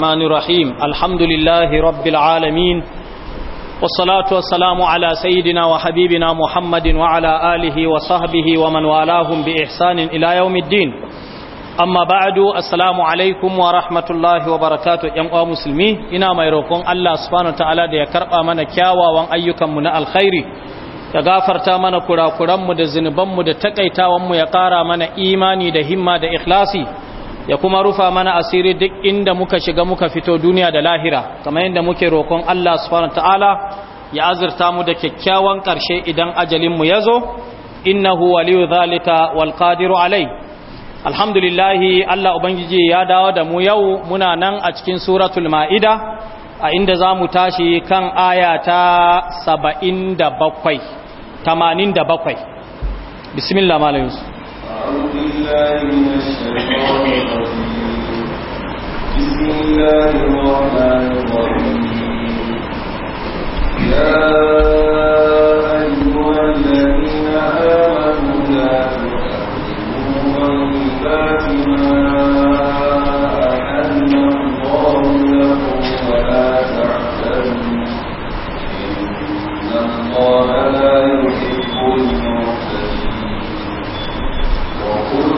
الرحمن الرحيم الحمد لله رب العالمين والصلاة والسلام على سيدنا وحبيبنا محمد وعلى آله وصحبه ومن والاهم بإحسان إلى يوم الدين أما بعد السلام عليكم ورحمة الله وبركاته يا مسلمين إنا ما يروكم الله سبحانه وتعالى دي كرب من كياوا وان أيكم من الخير ya gafarta mana kurakuranmu da zunubanmu da takaitawanmu ya ƙara mana imani da himma da ikhlasi ya kuma rufa mana asiri duk inda muka shiga muka fito duniya da lahira kamar yadda muke roƙon Allah subhanahu ta'ala ya azurta mu da kyakkyawan ƙarshe idan ajalin mu yazo innahu waliyu zalika wal qadiru alai alhamdulillah Allah ubangiji ya dawo da mu yau muna nan a cikin suratul maida a inda zamu tashi kan aya ta 77 87 bismillah malam yusuf أعوذ بالله من الشيطان بسم الله الرحمن الرحيم يا أيها الذين آمنوا لا تحرموا طيبات ما أحل الله لكم ولا تعتدوا إن الله لا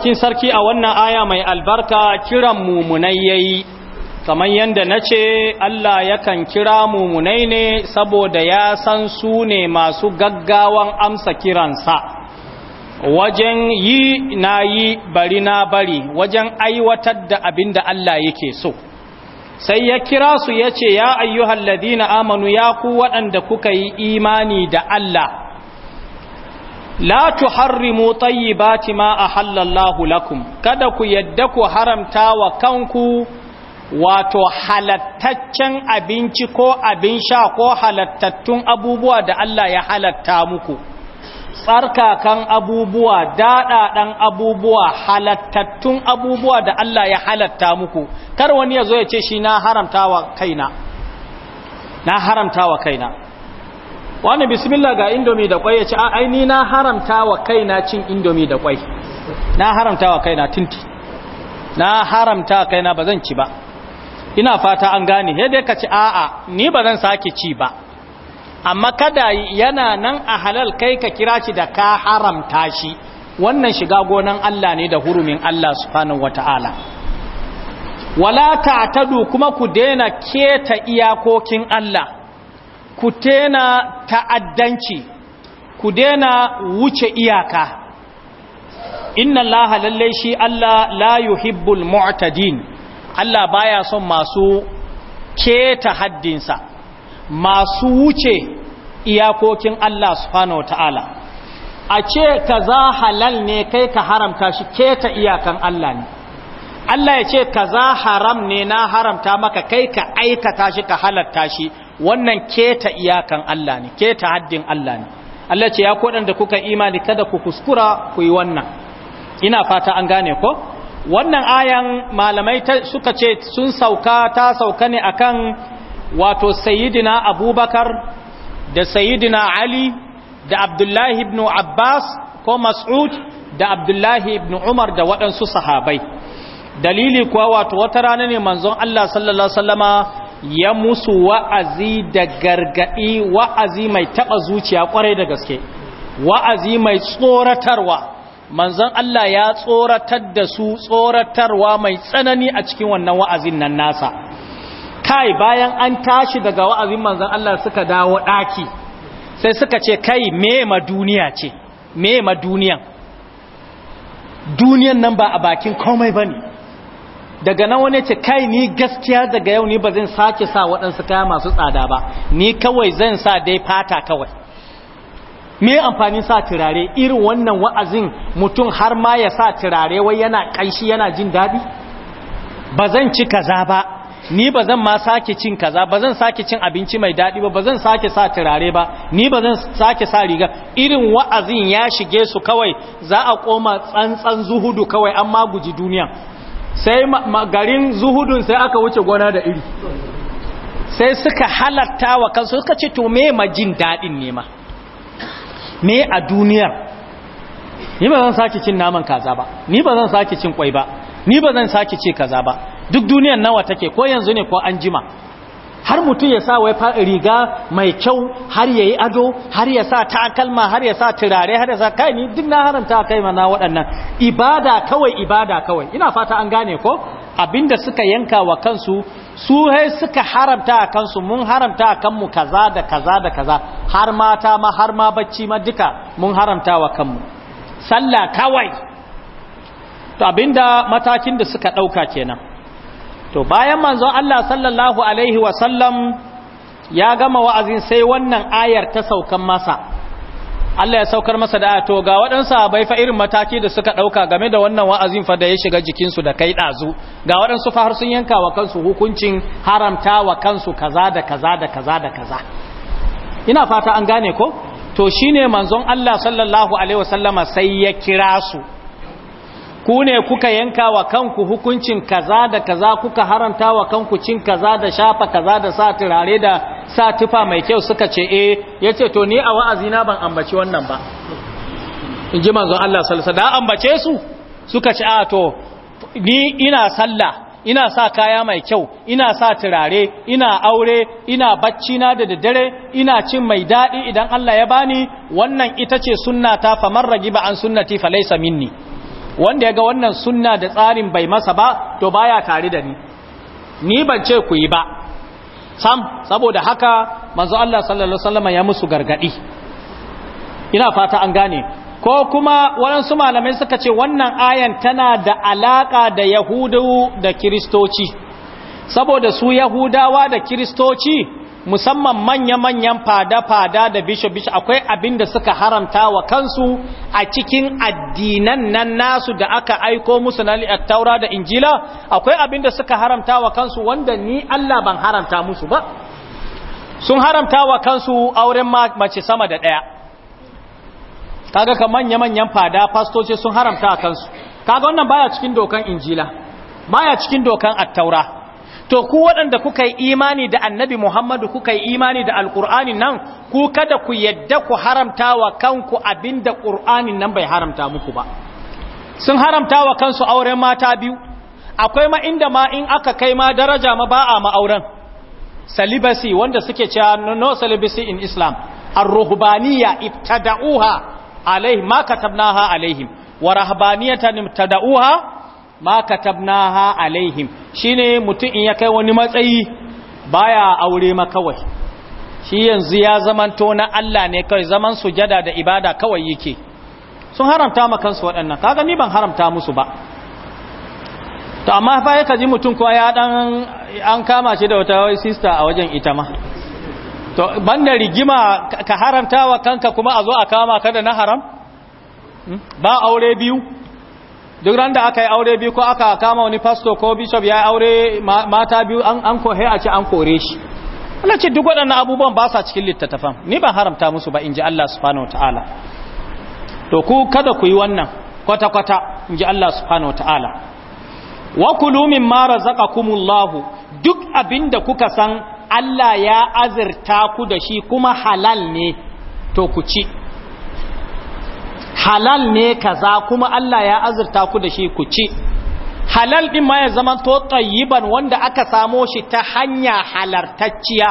mafarkin sarki a wannan aya mai albarka kiran mumunai yayi kamar yadda na ce Allah yakan kira mumunai ne saboda ya san su ne masu gaggawan amsa kiransa wajen yi na yi bari na bari wajen aiwatar da abin da Allah yake so sai ya kira su ya ce ya ayyuhallazina amanu ya ku waɗanda kuka yi imani da Allah la tuharrimu tayyibati ma ahallallahu lakum kada ku yadda ku haramta wa kanku wato halattaccen abinci ko abin sha ko halattattun abubuwa da Allah ya halatta muku tsarkakan abubuwa daɗaɗan abubuwa halattattun abubuwa da Allah ya halatta muku kar wani ya zo ya ce shi na haramta kaina na haramta wa kaina wani bismillah ga indomi da kwai ya ce aini na haramta wa kaina cin indomi da kwai na haramta wa kaina tinti na haramta wa kaina ba zan ci ba ina fata an gane dai ka ci a'a ni ba zan sake ci ba amma kada yana nan a halal kai ka kira shi da ka haramta shi wannan shiga gonan Allah ne da hurumin Allah subhanahu wata'ala wala ta'tadu kuma ku dena keta iyakokin Allah ku tena ta'addanci ku dena wuce iyaka inna allaha lalle shi Allah la yuhibbul mu'tadin Allah baya son masu keta haddinsa masu wuce iyakokin Allah subhanahu wataala a ce kaza halal ne kai ka haramta shi keta iyakan Allah ne Allah ya ce kaza haram ne na haramta maka kai ka aikata shi ka halatta shi wannan keta iyakan Allah ne keta haddin Allah ne Allah ce ya da kuka imani kada ku kuskura ku yi wannan ina fata an gane ko wannan ayan malamai suka ce sun sauka ta sauka ne akan wato sayyidina abubakar da sayyidina ali da abdullahi ibn abbas ko mas'ud da abdullahi ibn umar da waɗansu sahabai dalili kuwa wato wata rana ne manzon allah sallallahu alaihi ya musu wa'azi da gargaɗi wa'azi mai taɓa zuciya kwarai da gaske wa'azi mai tsoratarwa manzan Allah ya tsoratar da su tsoratarwa mai tsanani a cikin wannan wa'azin nan nasa kai bayan an tashi daga wa'azin manzon Allah suka dawo ɗaki. sai suka ce kai me ma duniya ce me ma duniyan duniyan nan ba a bakin komai ba ne. daga nan wani ce kai ni gaskiya daga yau ni ba zan sake sa waɗansu kaya masu tsada ba ni kawai zan sa dai fata kawai me amfani sa turare irin wannan wa'azin mutum har ma ya sa turare wai yana shi yana jin daɗi ba zan ci kaza ba ni ba zan ma sake cin kaza ba zan sake cin abinci mai daɗi ba ba zan sake sa turare ba ni ba zan sake sa riga irin wa'azin ya shige su kawai za a koma tsantsan zuhudu kawai amma guji duniya sai garin zuhudun sai aka wuce gona da iri sai suka halatta wa kansu suka ce to me majin daɗin nema. me a duniyar ni ba zan sake cin naman kaza ba ni ba zan sake cin kwai ba ni ba zan sake ce kaza ba duk duniyar nawa take ko yanzu ne ko an jima har mutum ya sa wai riga mai kyau har ya yi ado har ya sa takalma har ya sa turare har ya sa kai duk na haramta kai mana waɗannan ibada kawai ibada kawai ina fata an gane ko abinda suka yanka wa kansu su hai suka haramta a kansu mun haramta a kanmu kaza da kaza da kaza har mata ma har ma bacci ma duka mun haramta wa kanmu sallah kawai to abinda matakin da suka ɗauka kenan to bayan manzon Allah sallallahu alaihi wasallam ya gama wa'azin sai wannan ayar ta saukan masa Allah ya saukar masa da to ga waɗansu abai fa irin mataki da suka ɗauka game da wannan wa'azin fa da ya shiga jikinsu da kai ɗazu ga waɗansu fa har sun yanka wa kansu hukuncin haramta wa kansu kaza da kaza da kaza da kaza ina fata an gane ko to shine manzon Allah sallallahu alaihi wasallama sai ya kira su ku ne kuka yanka wa kanku hukuncin kaza da kaza kuka haranta wa kanku cin kaza da shafa kaza da sa turare da sa tufa mai kyau suka ce eh yace to ni a wa'azina ban ambaci wannan ba in ji manzon Allah sallallahu alaihi wasallam ambace su suka ce a to ni ina sallah ina sa kaya mai kyau ina sa turare ina aure ina bacci na da daddare ina cin mai dadi idan Allah ya bani wannan ita ce sunna ta famar ragiba an sunnati falaysa minni wanda ya ga wannan sunna da tsarin bai masa ba to baya tare da ni ni ban ce ku yi ba sam saboda haka manzo Allah sallallahu alaihi wasallam ya musu gargadi ina fata an gane ko kuma su malamai suka ce wannan ayan tana da alaka da yahudu da kiristoci saboda su yahudawa da kiristoci musamman manya-manyan fada-fada da bishop-bishop akwai abin da suka haramta wa kansu a cikin addinan nan nasu da aka aiko musu na taura da injila akwai abin da suka haramta wa kansu wanda ni Allah ban haramta musu ba sun haramta wa kansu auren mace sama da ɗaya kaga ka manya-manyan fada pastoci sun haramta wa kansu kaga wannan baya cikin dokan injila baya cikin dokan attaura to ku waɗanda kuka yi imani da annabi Muhammadu kuka yi imani da Alƙur'ani nan ku kada ku yadda ku haramta wa kanku abinda ƙur'ani nan bai haramta muku ba sun haramta wa kansu auren mata biyu akwai ma inda ma in aka kai ma daraja ma ba'a a ma'auren salibasi wanda suke cewa no salibasi in islam ar ibtada'uha alaihim ma katabnaha alaihim wa rahbaniyatan ibtada'uha ma ha alaihim shine mutum in ya kai wani matsayi baya aure ma kawai shi yanzu ya zaman tona Allah ne kai zaman sujada da ibada kawai yake sun haramta ma kansu waɗannan kaga ni ban haramta musu ba to amma fa ya kaji mutum kuwa ya dan an kama shi da wata sister a wajen ita ma to banda rigima ka haramta wa kanka kuma a zo a kama ka da na haram hmm? ba aure biyu duk ran da aka yi aure biyu ko aka kama wani pastor ko bishop ya yi aure mata biyu an kohe a ce an kore shi Allah ce duk waɗannan abubuwan ba sa cikin littattafan ni ban haramta musu ba in ji Allah subhanahu ta'ala to ku kada ku yi wannan kwata-kwata in ji Allah subhanahu ta'ala wa kulu mimma razaqakumullahu duk abinda kuka san Allah ya azirta ku da shi kuma halal ne to ku ci halal ne kaza kuma Allah ya azurta ku da shi ku ci halal din ma ya zama to tayyiban wanda aka samo shi ta hanya halartacciya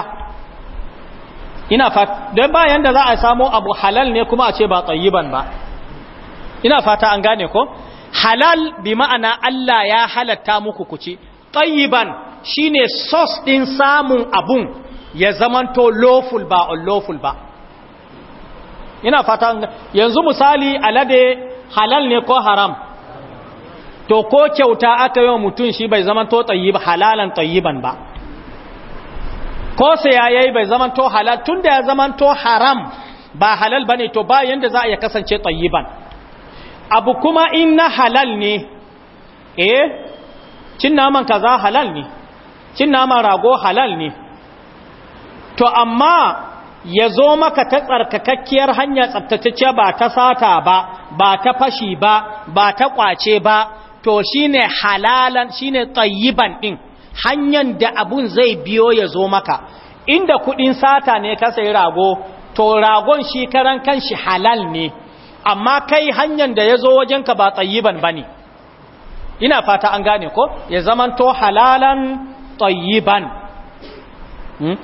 ina fata don bayan da za a samo abu halal ne kuma a ce ba tayyiban ba ina fata an gane ko halal bi ma'ana Allah ya halatta muku ku ci tayyiban shine source din samun abun ya zamanto lawful ba unlawful ba ina fatan yanzu misali alade halal ne ko haram to ko kyauta aka yi wa mutum shi bai zama to halalan tayyiban ba ko sayayayi bai zama to halal da ya zama to haram ba halal bane to ba yanda za a ya kasance tayyiban abu kuma in na halal ne eh cin naman kaza halal ne cin naman rago halal ne to amma ya zo maka ta tsarkakakkiyar hanya tsabtacce ba ta sata ba ba ta fashi ba ba ta kwace ba to shine halalan shine tayyiban din hanyar da abun zai biyo ya zo maka inda kudin sata ne ka sayi rago to ragon shi karan kanshi halal ne amma kai hanyar da ya zo wajenka ba tayyiban bane ina fata an gane ko ya zamanto halalan tayyiban hmm?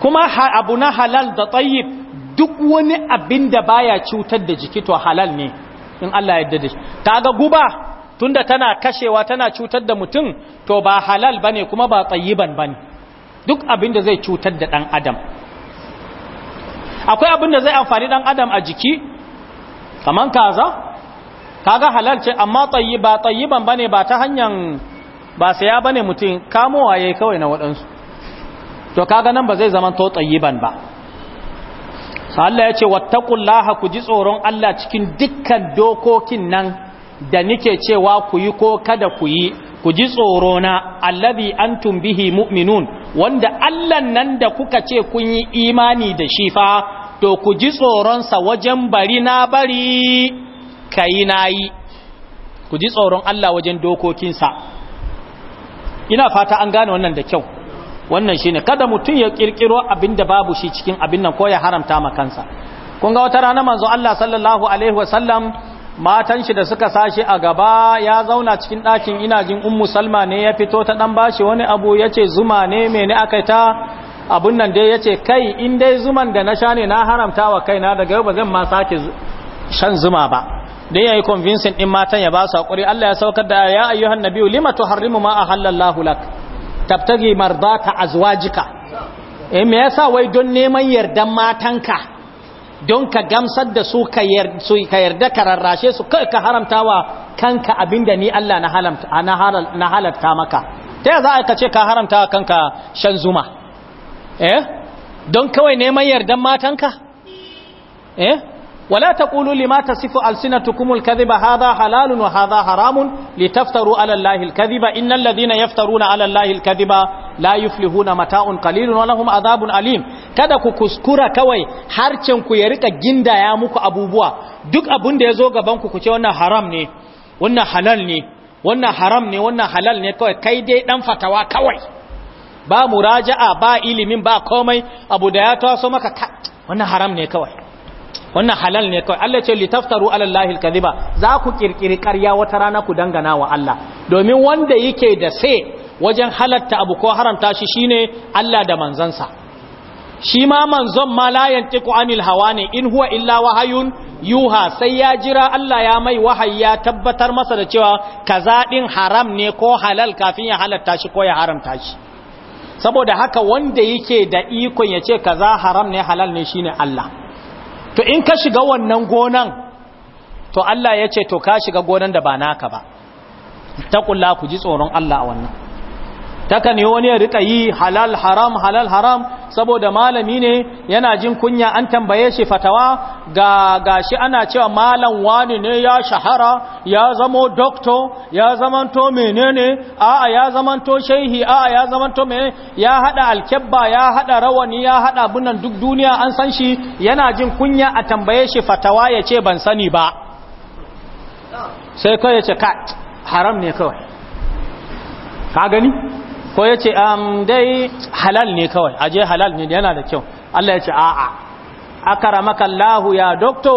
kuma abu na halal da tsayib duk wani abin da baya cutar da jiki to halal ne in Allah yadda da shi ta ga guba tunda tana kashewa tana cutar da mutum to ba halal bane kuma ba tsayiban bane duk abin da zai cutar da dan adam akwai abin da zai amfani dan adam a jiki kaman kaza kaga halal ce amma tsayiba tsayiban bane ba ta hanyar ba saya bane mutum kamowa yayi kawai na waɗansu to kaga nan ba zai zama to tayyiban ba Allah ya ce wattaqullaha ku ji tsoron Allah cikin dukkan dokokin nan da nike cewa ku yi ko kada ku yi ku ji tsoro na allazi antum bihi mu'minun wanda Allah nan da kuka ce kun yi imani da shi fa to ku ji tsoron sa wajen bari na bari kai nayi ku ji tsoron Allah wajen dokokin sa. ina fata an gane wannan da kyau wannan shine kada mutum ya kirkiro abinda babu shi cikin abin nan ko ya haramta ma kansa kun ga wata rana manzo Allah sallallahu alaihi wasallam matan shi da suka sashi a gaba ya zauna cikin ɗakin ina jin ummu salma ne ya fito ta dan bashi wani abu yace zuma ne mene akai ta abun nan dai yace kai in dai zuman da na sha ne na haramta wa kaina daga yau ba zan ma sake shan zuma ba ya yayi convincing din matan ya ba su hakuri Allah ya saukar da ya ayyuhan nabiyyu lima tuharrimu ma ahallallahu lak tabtagi mardaka azwajika eh me yasa wai don neman yardan matanka don ka gamsar da su ka yarda ka rarrashe su kai ka haramtawa kanka abinda ni Allah na halamta na halalta maka ta za ka ce ka haramta kanka shan zuma eh don kawai neman yardan matanka eh wala taqulu lima tasifu alsinatukum alkadhiba hadha halalun wa hadha haramun litaftaru ala allahi alkadhiba innal ladhina yaftaruna ala allahi alkadhiba la yuflihuna mata'un qalilun wa azabun alim kada ku kuskura kawai harcen ku ya rika gindaya muku abubuwa duk abun da yazo gaban ku ku wannan haram ne wannan halal ne wannan haram ne wannan halal ne kawai kai dai ɗan fatawa kawai ba muraja'a ba ilimin ba komai abu da ya taso maka wannan haram ne kawai wannan halal ne kawai Allah ce litaftaru ala Allah alkaziba za ku kirkiri ƙarya wata rana ku dangana wa Allah domin wanda yake da sai wajen halatta abu ko haramta shi shine Allah da manzansa shi ma manzon ma la yantiqu anil hawa ne in huwa illa wahayun yuha sai ya jira Allah ya mai wahayi ya tabbatar masa da cewa kaza din haram ne ko halal kafin ya halatta shi ko ya haramta shi saboda haka wanda yake da ikon ya ce kaza haram ne halal ne shine Allah to in ka shiga wannan gonan to Allah ya ce to ka shiga gonan da ba naka ba ta kula ku ji tsoron Allah a wannan takan yi wani ya rika yi halal haram halal haram saboda malami ne yana jin kunya an tambaye shi fatawa ga gashi ana cewa malam wani ne ya shahara ya zamo doctor ya zamanto menene a'a ya zamanto shehi a'a ya zamanto menene ya hada alkebba ya hada rawani ya hada bunan duk duniya an san shi yana jin kunya a tambaye shi fatawa ya ce ban sani ba sai kai ya ce kat haram ne kawai ka gani ko ya ce dai halal ne kawai aje halal ne yana da kyau Allah ya ce a'a akaramaka Allahu ya dokto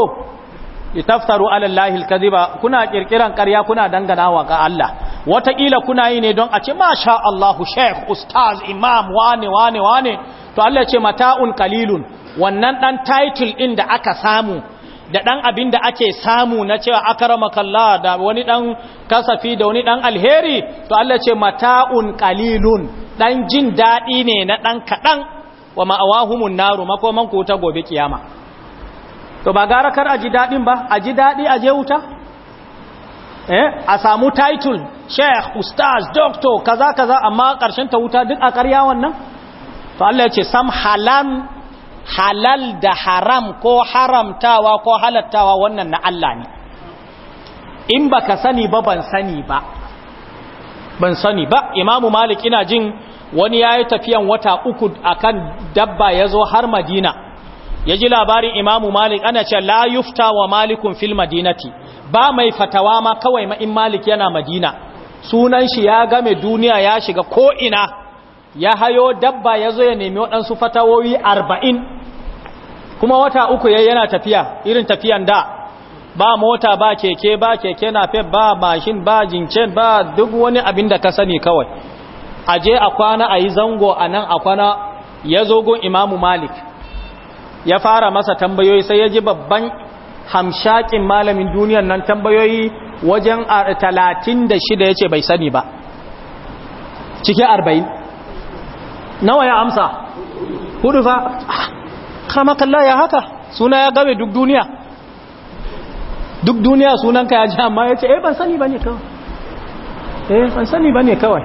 litaftaru ala Allahi alkaziba kuna kirkiran ƙarya kuna dangana wa ga Allah wataƙila kuna yi ne don a ce masha Allahu sheikh ustaz imam wane wane wane to Allah ya ce mata'un qalilun wannan dan title din da aka samu da ɗan abin da ake samu na cewa akaramakalla da wani ɗan kasafi da wani ɗan alheri to Allah ce mata'un qalilun ɗan jin daɗi ne na ɗan kaɗan wa ma'awahumun naru makoman ku ta gobe kiyama to ba gara kar a ji daɗin ba a ji daɗi a wuta eh, a samu title sheikh ustaz doctor kaza kaza amma ƙarshen ta wuta duk a ƙarya wannan to Allah ce sam halan halal da haram ko haramtawa ko halattawa wannan na Allah ne in baka sani ba ban sani ba ban sani ba imamu malik ina jin wani ya yi tafiyan wata uku a kan dabba ya zo har madina ya ji labarin imamu malik ana ce la yufta wa malikun fil madinati ba mai fatawa ma kawai ma in malik yana madina sunan shi ya game duniya ya shiga ko'ina ya hayo dabba ya zo ya nemi waɗansu fatawoyi arba'in kuma wata uku ya yana tafiya irin tafiyan da ba mota ba keke ba keke na fe ba mashin ba jincen ba duk wani abin da ka sani kawai a je a kwana a yi zango a nan a kwana ya zo zogon imamu malik ya fara masa tambayoyi sai ya ji babban hamshakin malamin duniyan nan tambayoyi wajen talatin da shida ya ce bai sani ba cike arba'in nawa ya amsa hudu fa ah, kama kalla ya haka suna ya gabe duk duniya duk duniya sunanka ya ji amma ya ce eh ban sani bane kawai eh ban sani bane kawai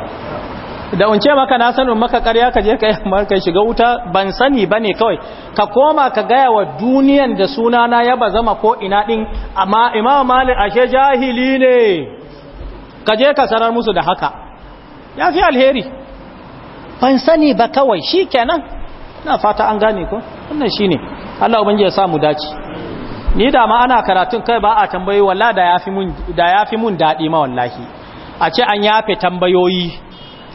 da wance maka na sanin maka ƙarya ka je ka yi ka shiga wuta ban sani bane kawai ka koma ka gaya wa duniyan da suna na ya ba zama ko ina din. amma imam malik ashe jahili ne ka je ka sanar musu da haka ya fi alheri ban sani ba kawai shi kenan na fata an gane ko wannan shi ne allah ubangiji ya samu dace ni da ma ana karatun kai ba a tambayi walla da ya fi mun daɗi ma wallahi a ce an yafe tambayoyi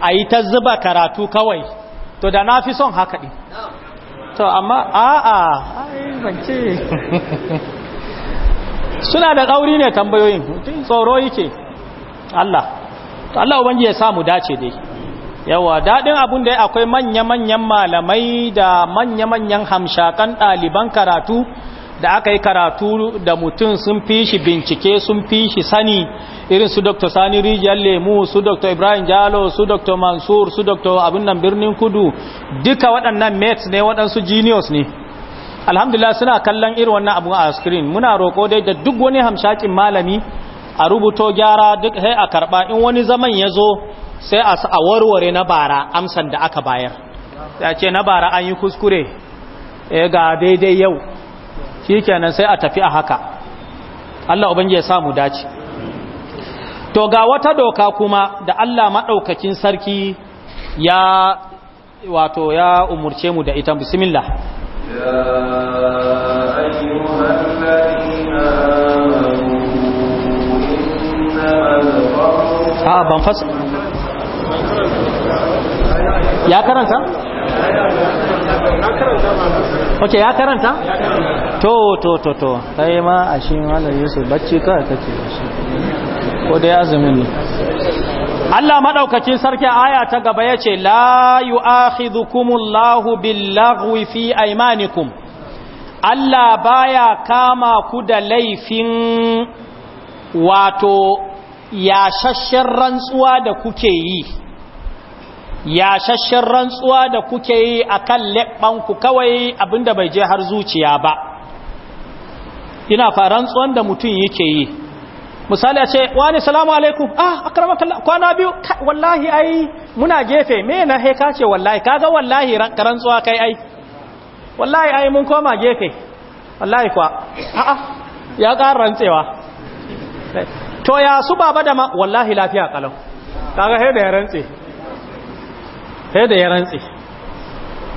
a yi ta zuba karatu kawai to da na fi son haka ɗin to amma a'a ce suna da ɗauri ne tambayoyin tsoro yake Allah to Allah ubangi ya samu dace dai yawa daɗin abun da akwai manya-manyan malamai da manya-manyan hamshakan ɗaliban karatu da aka yi karatu da mutum sun fi shi bincike sun fi shi sani irin su dr sani rijiyar lemu su dr ibrahim jalo su dr mansur su dr abin nan birnin kudu duka waɗannan mates ne waɗansu genius ne alhamdulillah suna kallon irin wannan abu a screen muna roƙo dai da duk wani hamshakin malami a rubuto gyara duk sai a karba in wani zaman ya zo sai a warware na bara amsan da aka bayar ya ce na bara an yi kuskure eh, ga daidai yau shi kenan sai a tafi a haka Allah ubangi ya samu dace to ga wata doka kuma da Allah maɗaukacin sarki ya wato ya umurce mu da ita bismillah ya ayyuhan ladina a ban fasa ya karanta? ok ya karanta? to to to to kai ma a shi malar yusuf bacci kawai kake shi ko dai azumin ne Allah maɗaukacin sarki aya ta gaba ya ce la yi ahidukumullahu billahwi fi aimanikum Allah baya kama ku da laifin wato yashashen rantsuwa da kuke yi yashashen rantsuwa da kuke yi akan leɓɓanku kawai abinda bai je har zuciya ba ina fa rantsuwan da mutum yake yi misali a ce wani salamu alaikum ah akramakallah kwana biyu wallahi ai muna gefe me na he ka ce wallahi kaga wallahi rantsuwa kai ai wallahi ai mun koma gefe wallahi kwa a'a ya ƙara rantsewa to ya su baba da ma wallahi lafiya kalau kaga he da ya rantse da ya rantse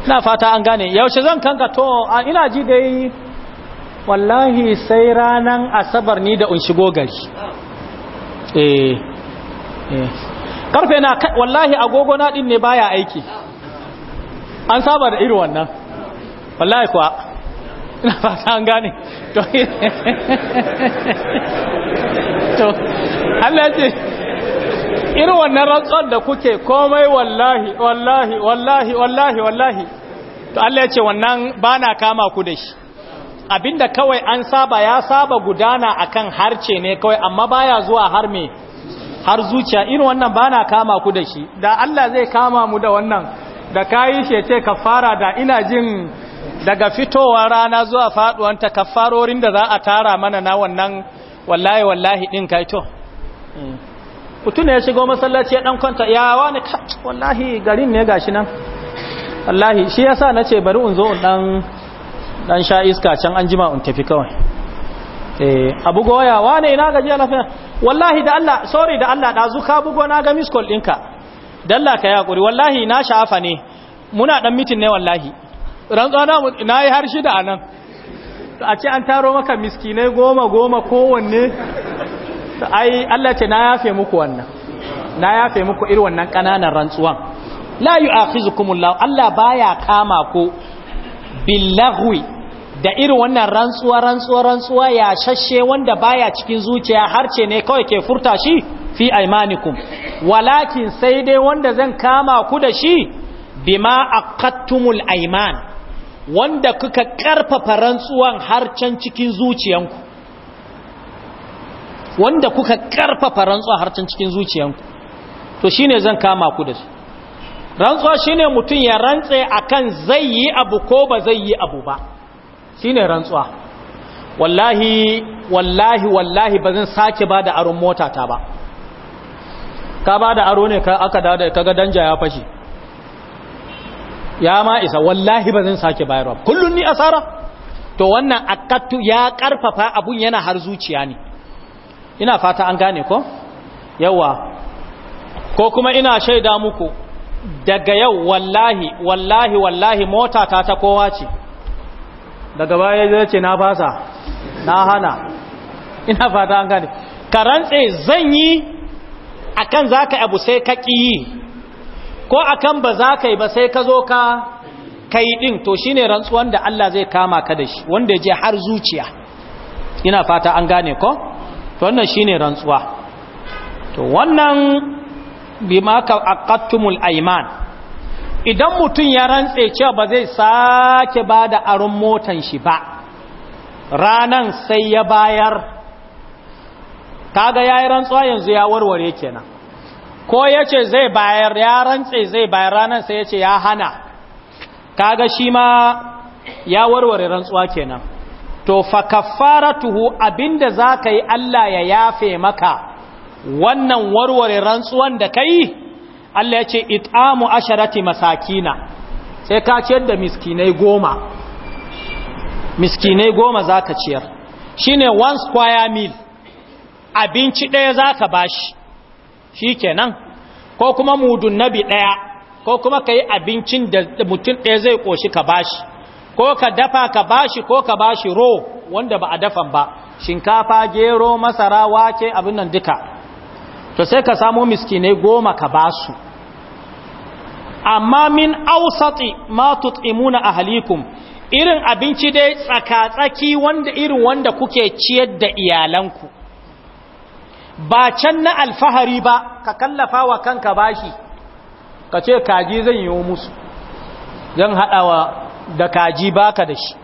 ina fata an gane yaushe zan kanka to a ina ji dai wallahi sai ranan asabar ni da shigo gari eh eh karfe na wallahi agogo na din ne baya aiki an saba da irin wannan wallahi kuwa ina fata an gane to to Allah ce irin wannan rantsar da kuke komai wallahi wallahi wallahi wallahi wallahi to Allah ce wannan bana kama ku da shi abinda kawai an saba ya saba gudana akan harce ne kawai amma baya zuwa har me har zuciya irin wannan bana kama ku da shi da Allah zai kama mu da wannan da kayi shi ce kafara da ina jin daga fitowa rana zuwa faduwanta kafarorin da za a tara mana na wannan wallahi wallahi din kai to hmm. mutum ya shigo masallaci ya dan kwanta ya wani wallahi garin ne gashi nan wallahi shi yasa nace bari in zo dan dan sha iska can an jima in tafi kawai eh abu goya wani ina gaji lafiya wallahi da Allah sorry da Allah da zuka bugo na ga miss call dinka dalla ka yakuri wallahi na shafa ne muna dan mitin ne wallahi rantsana na yi har da anan To a ce an taro maka miskinai goma goma kowanne ai Allah ce na yafe muku wannan na yafe muku irin wannan kananan rantsuwan la yu'akhizukumullahu Allah baya kama ku billahwi da irin wannan rantsuwa rantsuwa rantsuwa ya shashe wanda baya cikin zuciya har ce ne kawai ke furta shi fi aimanikum walakin sai dai wanda zan kama ku da shi bima aqattumul aiman wanda kuka ƙarfafa rantsuwan har can cikin zuciyanku wanda kuka ƙarfafa rantsuwa har can cikin zuciyanku to shine zan kama ku da su rantsuwa shine mutum ya rantse akan zai yi abu ko ba zai yi abu ba shine rantsuwa wallahi wallahi wallahi ba zan sake ba da aron motata ba ka ba da aro ne aka dada ga danja ya fashe ya ma isa wallahi ba zan sake bayarwa kullun ni asara to wannan akattu ya karfafa abun yana har zuciya ne ina fata an gane ko yawa ko kuma ina shaida muku daga yau wallahi wallahi wallahi mota ta ta kowa ce daga baya zai ce na fasa na hana ina fata an gane ka rantse zan yi akan zaka abu sai ka ƙi yi ko akan ba za ka yi ba sai ka zo ka kai din to shi ne rantsuwan da Allah zai kama ka da shi wanda je har zuciya ina fata an gane ko to wannan shi ne rantsuwa to wannan bima ka aqattumul ayman idan mutum ya rantse cewa ba zai sake bada aron motan shi ba ranan sai ya bayar kaga yayi rantsuwa yanzu ya warware kenan ko ya ce zai bayar ya rantse zai bayar ranar sai ya ce ya hana kaga shi ma ya warware rantsuwa kenan to fa kaffaratuhu abinda za ka yi Allah ya yafe maka wannan warware rantsuwan da ka Allah ya ce it'amu asharati masakina sai ka ciyar da miskinai goma miskinai goma za ka ciyar shine one square meal abinci ɗaya za ka bashi shi kenan ko kuma mudun nabi ɗaya ko kuma ka yi abincin da mutum ɗaya zai ƙoshi ka bashi ko ka dafa ka bashi ko ka bashi ro wanda ba a dafan ba shinkafa gero masara wake abin nan duka to sai ka samo miskinai goma ka basu amma min ausati ma tut'imuna ahlikum irin abinci dai tsaka-tsaki wanda irin wanda kuke ciyar da iyalanku ba can na alfahari ba ka kallafa wa kanka bashi ka ce kaji zan yi musu zan haɗawa da kaji baka da shi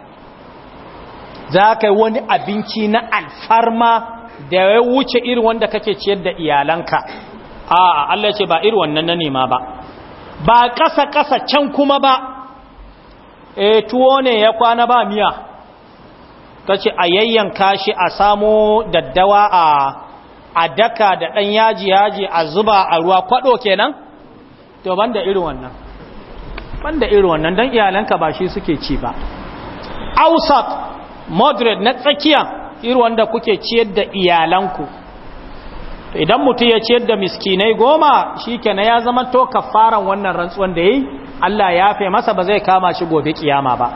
za ka yi wani abinci na alfarma da ya wuce irin wanda kake ciyar da iyalanka a Allah ce ba irin wannan na nema ba ba ƙasa-ƙasa can kuma ba e tuwo ne ya kwana ba miya ta ce a yayyanka shi a samo daddawa a a daka da ɗan yaji yaji a zuba a ruwa kwaɗo kenan to banda irin wannan banda irin wannan don iyalanka ba shi suke ci ba ausat moderate na tsakiya irin wanda kuke ciyar da iyalanku to idan mutum ya ciyar da miskinai goma shi kenan ya zama to kafaran wannan rantsuwan da ya yi Allah ya fe masa ba zai kama shi gobe kiyama ba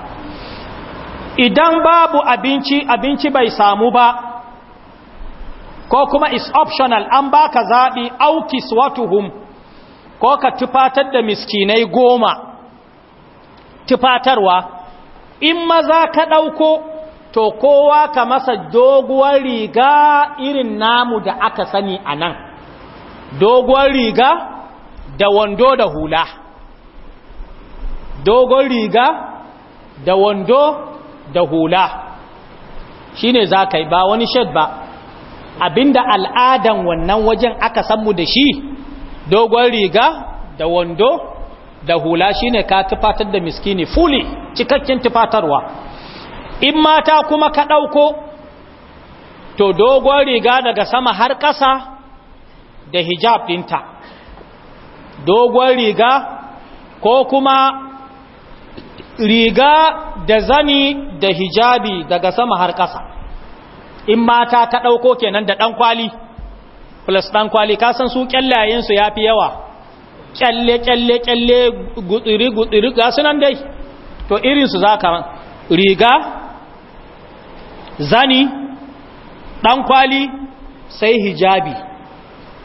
idan babu abinci abinci bai samu ba ko kuma is optional an baka zaɓi aukis watuhum ko ka tufatar da miskinai goma tufatarwa in maza ka ɗauko to kowa ka masa doguwar riga irin namu da aka sani a nan doguwar riga da wando da hula dogon riga da wando da hula shi ne za ka yi ba wani shed ba abinda al'adan wannan wajen aka sanmu da shi dogon riga da wando da hula shine ka tufatar da miskini fuli cikakken tufatarwa in mata kuma ka ɗauko to dogon riga daga sama har ƙasa da hijab ɗinta dogon riga ko kuma riga da zani da hijabi daga sama har ƙasa in mata ka ɗauko kenan da ɗan kwali plus ɗan kwali ka san su ƙyallayensu ya fi yawa ƙyalle ƙyalle ƙyalle gutsiri gutsiri ga sunan dai to irinsu za ka riga zani ɗan kwali sai hijabi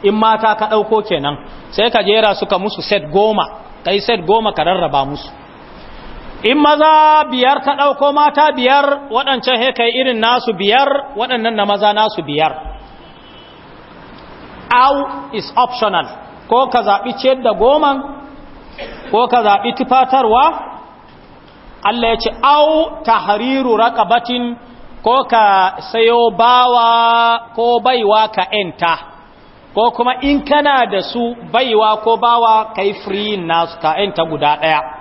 in mata ka ɗauko kenan sai ka jera suka musu set goma kai set goma ka rarraba musu in maza biyar ka ɗauko mata biyar waɗancan he kai irin nasu biyar waɗannan na maza nasu biyar au is optional ko ka zaɓi ciyar da goman ko ka zaɓi tufatarwa Allah ya ce au ta hariru raqabatin ko ka sayo bawa ko baiwa ka enta ko kuma in kana da su baiwa ko bawa kai firiyin nasu ka enta guda ɗaya.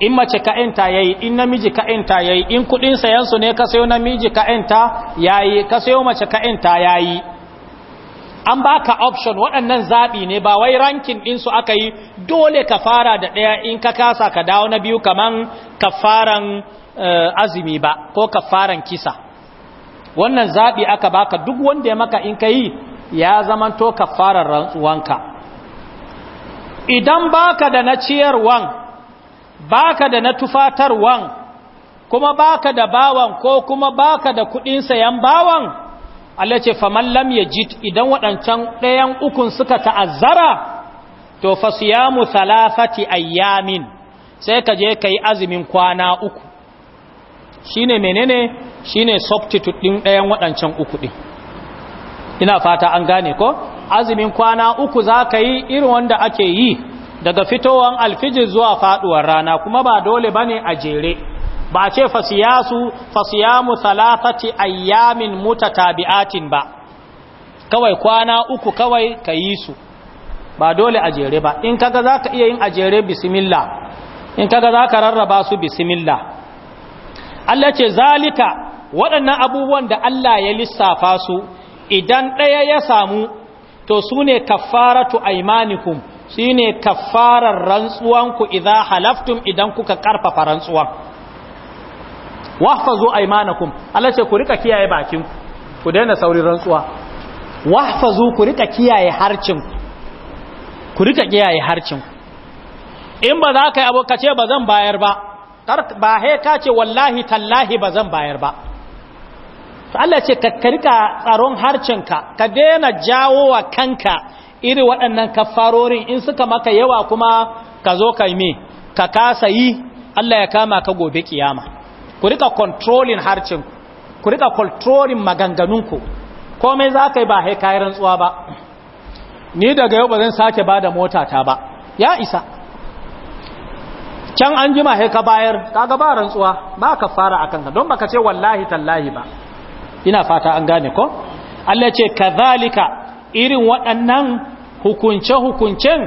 in mace ka enta yayi in namiji ka enta yayi in kudin sayansu ne ka sayo namiji ka enta yayi ka sayo mace ka enta yayi an baka option waɗannan zaɓi ne ba wai rankin ɗinsu aka yi dole ka fara da ɗaya in ka kasa ka dawo na biyu kaman kafaran uh, azumi ba ko kafaran kisa wannan zaɓi aka baka duk wanda ya maka in ka yi ya to kafarar rantsuwanka idan baka da na ciyarwan baka da na tufatarwan kuma baka da bawan ko kuma baka da kudin sayan bawan Allah ce faman lam yajid idan wadancan ɗayan ukun suka ta'azzara to fasiyamu thalathati ayyamin sai ka je kai azumin kwana uku shine menene shine substitute din ɗayan wadancan uku din ina fata an gane ko azumin kwana uku za ka yi irin wanda ake yi daga fitowan alfijir zuwa faduwar rana kuma ba dole bane a jere ba ce fasiyasu fasiyamu salatati ayyamin mutatabi'atin ba kawai kwana uku kawai ka yi su ba dole a jere ba in kaga zaka iya yin a jere bismillah in kaga zaka rarraba su bismillah Allah ce zalika waɗannan abubuwan da Allah ya lissafa su idan ɗaya ya samu to su ne kaffaratu aimanikum shine kafarar rantsuwanku idza halaftum idan kuka karfafa rantsuwan wahfazu aymanakum Allah ce ku rika kiyaye bakin ku ku daina saurin rantsuwa wahfazu ku rika kiyaye harcin ku rika kiyaye harcin in ba za ka yi abokace ba zan bayar ba ba he ka ce wallahi tallahi ba zan bayar ba Allah ce ka rika tsaron harcinka ka daina jawo wa kanka iri waɗannan kafarorin in suka maka yawa kuma ka zo ka me ka kasa yi Allah ya kama ka gobe kiyama ku rika controlling harcin ku rika controlling maganganunku komai za ka yi ba haikayen rantsuwa ba ni daga yau ba zan sake ba da motata ba ya isa can an jima haika bayar kaga ba rantsuwa ba ka fara a kanka don baka ce wallahi tallahi ba ina fata an gane ko Allah ce kazalika irin waɗannan hukunce-hukuncen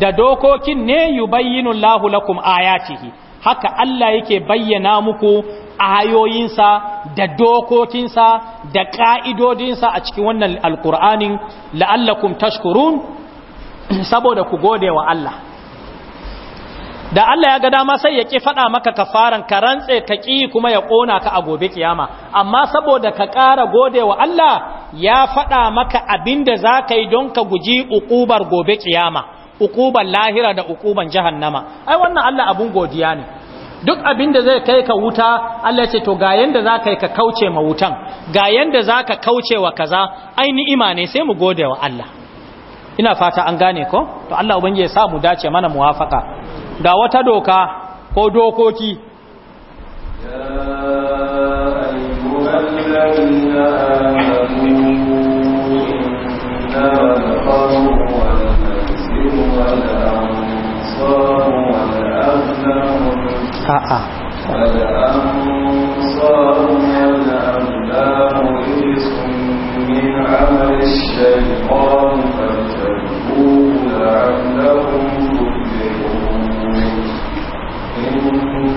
da dokokin ne yi bayyinun aya ayatihi haka Allah yake bayyana muku ayoyinsa da dokokinsa da ƙa'idodinsa a cikin wannan alƙur'anin la'allakum tashkurun saboda ku gode wa Allah da Allah ya ga dama sai ya ki faɗa maka ka kafaran ka rantse ka ƙi kuma ya ƙona ka a gobe kiyama amma saboda ka ƙara gode wa Allah ya faɗa maka abinda da za ka yi don ka guji uƙubar gobe kiyama uƙubar lahira da uƙuban jahannama ai wannan Allah abun godiya ne duk abinda zai kai ka wuta Allah ce to ga yanda za ka yi ka kauce ma wutan ga yanda za ka kauce wa kaza ai ni'ima ne sai mu gode wa Allah ina fata an gane ko to Allah ubangiji ya sa mu dace mana muwafaka da wata doka ko dokoki الشيطان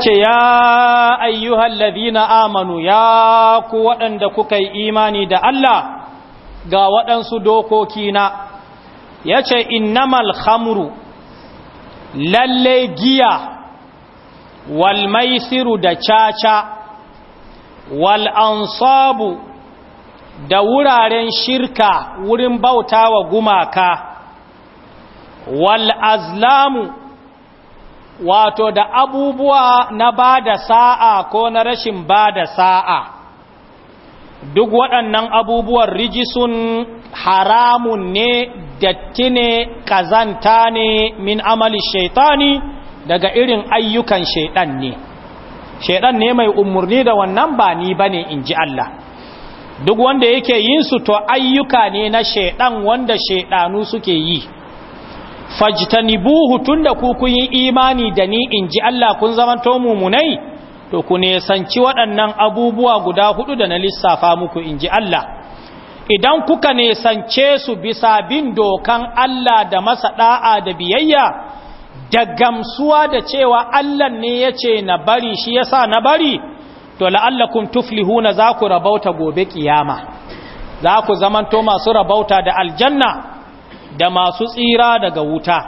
ce ya ayyuhal ladina amanu ya ku waɗanda kuka yi imani da Allah ga waɗansu dokoki na ya ce innamal khamru lalle giya wal maisiru da caca wal ansabu da wuraren shirka wurin bauta wa gumaka wal azlamu wato da abubuwa na ba da sa'a ko na rashin ba da sa'a duk waɗannan abubuwan rijisun haramun ne datti ne kazanta ne min amali shaitani daga irin ayyukan shaitan ne shaitan ne mai umarni da wannan ba ni ba ne in ji Allah duk wanda yake yin su to ayyuka ne na shaitan wanda shaitanu suke yi fajtanibuhu tunda ku kun yi imani da ni inji Allah kun zamanto mumunai to ku nesanci waɗannan abubuwa guda hudu da na lissafa muku inji Allah idan kuka nesance su bisa bin dokan Allah da masa da'a da biyayya da gamsuwa da cewa Allah ne ya ce na bari shi yasa na bari to la'allakum tuflihuna za ku rabauta gobe kiyama za ku zamanto masu rabauta da aljanna da masu tsira daga wuta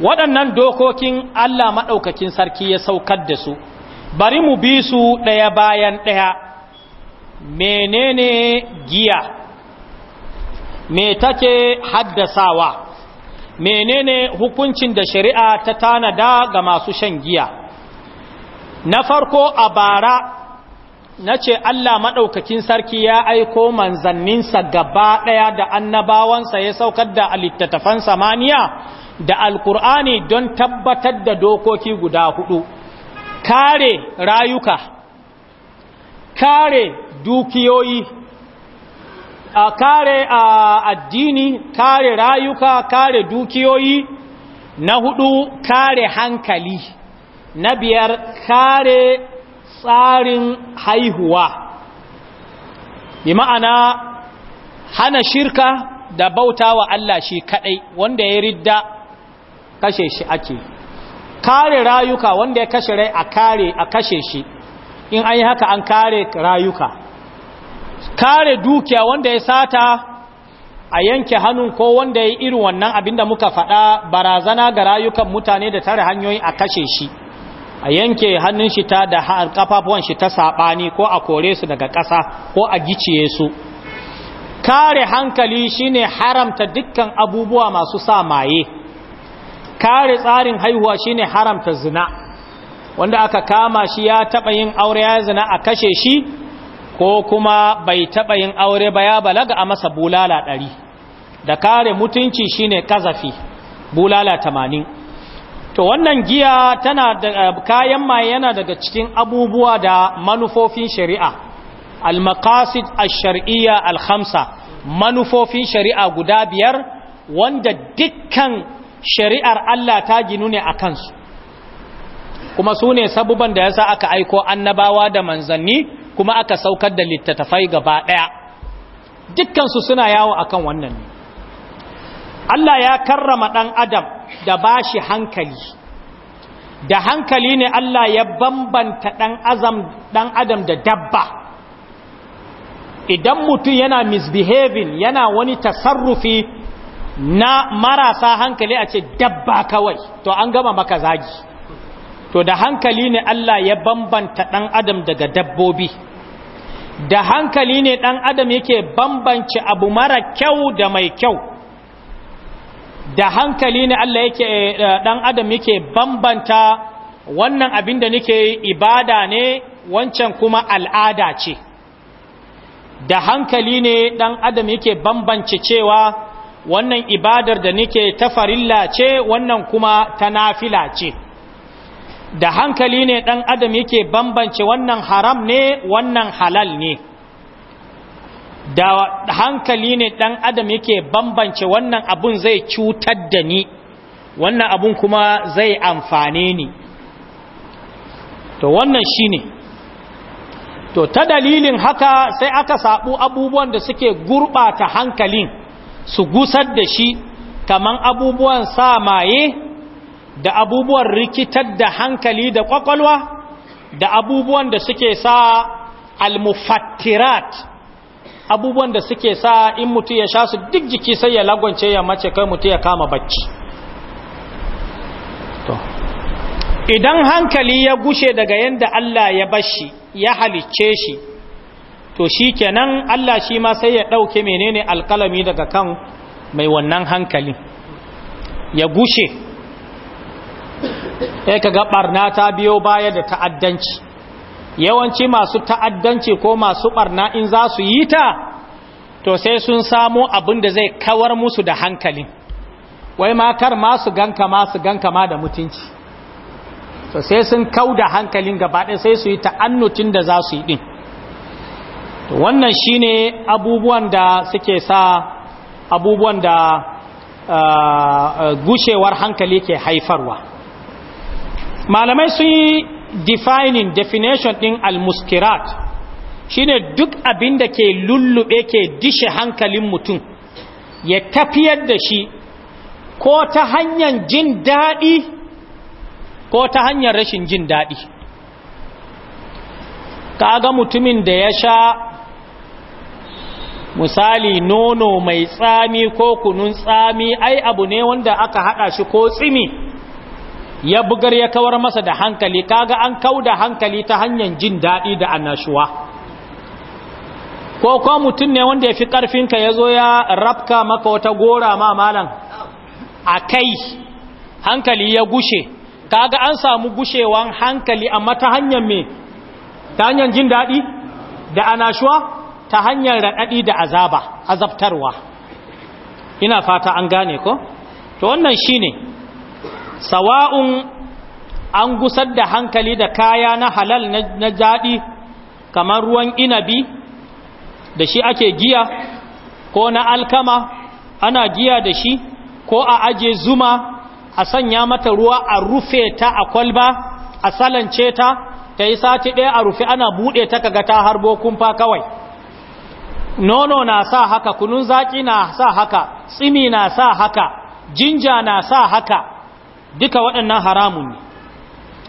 waɗannan dokokin Allah maɗaukakin sarki ya saukar da su bari mu bi su ɗaya bayan ɗaya menene giya me take haddasawa menene hukuncin da shari'a ta tanada ga masu shan giya na farko a bara na ce Allah maɗaukakin sarki ya aiko manzanninsa gaba ɗaya da annabawansa ya saukar da littattafan samaniya da alkur'ani don tabbatar da dokoki guda hudu kare rayuka kare dukiyoyi a kare a addini kare rayuka kare dukiyoyi na hudu kare hankali na biyar kare tsarin haihuwa bi ma'ana hana shirka da bauta wa Allah shi kadai wanda ya ridda kashe shi ake kare rayuka wanda ya kashe rai a kare a kashe shi in an yi haka an kare rayuka kare dukiya wanda ya sata a yanke hannun ko wanda ya irin wannan abinda muka faɗa barazana ga rayukan mutane da tare hanyoyi a kashe shi a yanke hannun shi ta da kafafuwan shi ta saɓani, ko a kore su daga ƙasa ko a giciye su kare hankali shine haramta dukkan abubuwa masu sa maye kare tsarin haihuwa shine haramta zina wanda aka kama shi ya taba yin aure ya zina a kashe shi ko kuma bai taɓa yin aure ba ya balaga a masa bulala ɗari da kare mutunci shine kazafi bulala tamanin to wannan giya tana da eh, kayan maye yana daga cikin abubuwa da manufofin shari'a al-maqasid ash-shar'iyya al-khamsa manufofin shari'a guda biyar wanda dukkan shari'ar Allah ta ginu ne akan su kuma su ne sabuban da yasa aka aiko annabawa da manzanni kuma aka saukar da littattafai gaba daya dukkan su suna yawo akan wannan Allah ya karrama dan adam da bashi hankali da hankali ne Allah ya bambanta dan azam dan adam da dabba idan mutum yana misbehaving yana wani tasarrufi na marasa hankali a ce dabba kawai to an gama maka zagi to da hankali ne Allah ya bambanta ɗan adam daga dabbobi da hankali ne ɗan adam yake bambance abu mara kyau da mai kyau da hankali ne Allah yake eh, eh, dan adam yake bambanta wannan abin da nake ibada ne wancan kuma al'ada ce da hankali ne dan adam yake bambance cewa wannan ibadar da nake tafarilla ce wannan kuma tanafila ce da hankali ne dan adam yake bambance wannan haram ne wannan halal ne da hankali ne ɗan adam yake bambance wannan abun zai cutar da ni wannan abun kuma zai amfane ni to wannan shine to ta dalilin haka sai aka sabu abubuwan da suke gurɓata hankalin su gusar da shi kaman abubuwan sa maye da abubuwan rikitar da hankali da ƙwaƙwalwa, da abubuwan da suke sa almufattirat abubuwan da suke sa in mutu ya sha su duk jiki sai ya lagwance ya mace kai mutu ya kama bacci idan hankali ya gushe daga yadda Allah ya bashi ya halicce shi to shi kenan Allah shi ma sai ya ɗauke menene alkalami daga kan mai wannan hankali ya gushe ya kaga ɓarna ta biyo baya da ta'addanci yawanci masu ta'addanci ko masu barna in za su yi ta to sai sun samo abin da zai kawar musu da hankalin wai makar masu ganka masu ganka ma da mutunci to sai sun kau da hankalin gabaɗaya sai su yi ta'annutin da za su yi ɗin to wannan shine abubuwan da suke sa abubuwan da gushewar hankali ke haifarwa malamai sun yi defining definition din al-muskirat shine duk abin da ke lullube ke dishe hankalin mutum ya tafiyar da shi ko ta hanyar jin daɗi ko ta hanyar rashin jin daɗi kaga mutumin da ya sha misali nono mai tsami ko kunun tsami ai abu ne wanda aka haɗa shi ko tsimi ya bugar ya kawar masa da hankali kaga an da hankali ta hanyar jin daɗi da annashuwa ko ko mutum ne wanda ya fi ƙarfinka ya zo ya rabka maka wata gora ma malam a kai hankali ya gushe kaga an samu gushewan hankali amma ta hanyar me ta hanyar jin daɗi da annashuwa ta hanyar raɗaɗi da azaba azabtarwa ina fata an gane ko to wannan shine sawa'un an gusar da hankali da kaya na halal na jadi kamar ruwan inabi da shi ake giya ko na alkama ana giya da shi ko a aje zuma a sanya mata ruwa a rufe ta a kwalba a salance ta ta yi sati ɗaya a rufe ana buɗe ta kaga ta harbo kumfa kawai nono na sa haka kunun zaƙi na sa haka tsimi na sa haka jinja na sa haka duka waɗannan haramun ne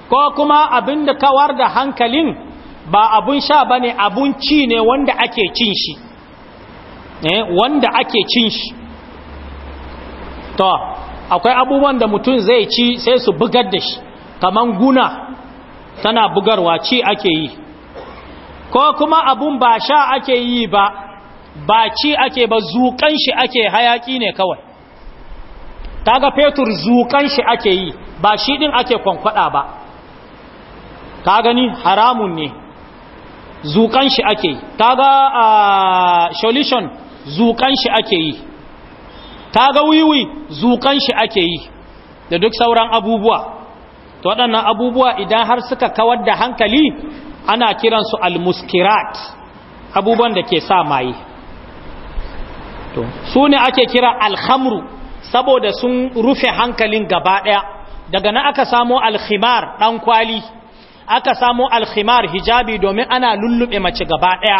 ko kuma abin da kawar da hankalin ba abun sha ba ne abun ci ne wanda ake cin shi eh, wanda ake cin shi to akwai abubuwan da mutum zai ci sai su bugar da shi kaman guna tana bugarwa ci ake yi ko kuma abun ba sha ake yi ba ba ci ake ba zuƙan shi ake hayaƙi ne kawai kaga fetur zukan shi ake yi ba shi ɗin ake kwankwada ba ka gani haramun ne zukan shi ake yi ga a solution zukan shi ake yi ga wiwi zukan shi ake yi da duk sauran abubuwa to waɗannan abubuwa idan har suka kawar da hankali ana kiransu almuskirat abubuwan da ke sa maye su ne ake kira alhamru saboda sun rufe hankalin gaba ɗaya daga na aka samo alkhimar ɗan kwali aka samo alkhimar hijabi domin ana lullube mace gaba ɗaya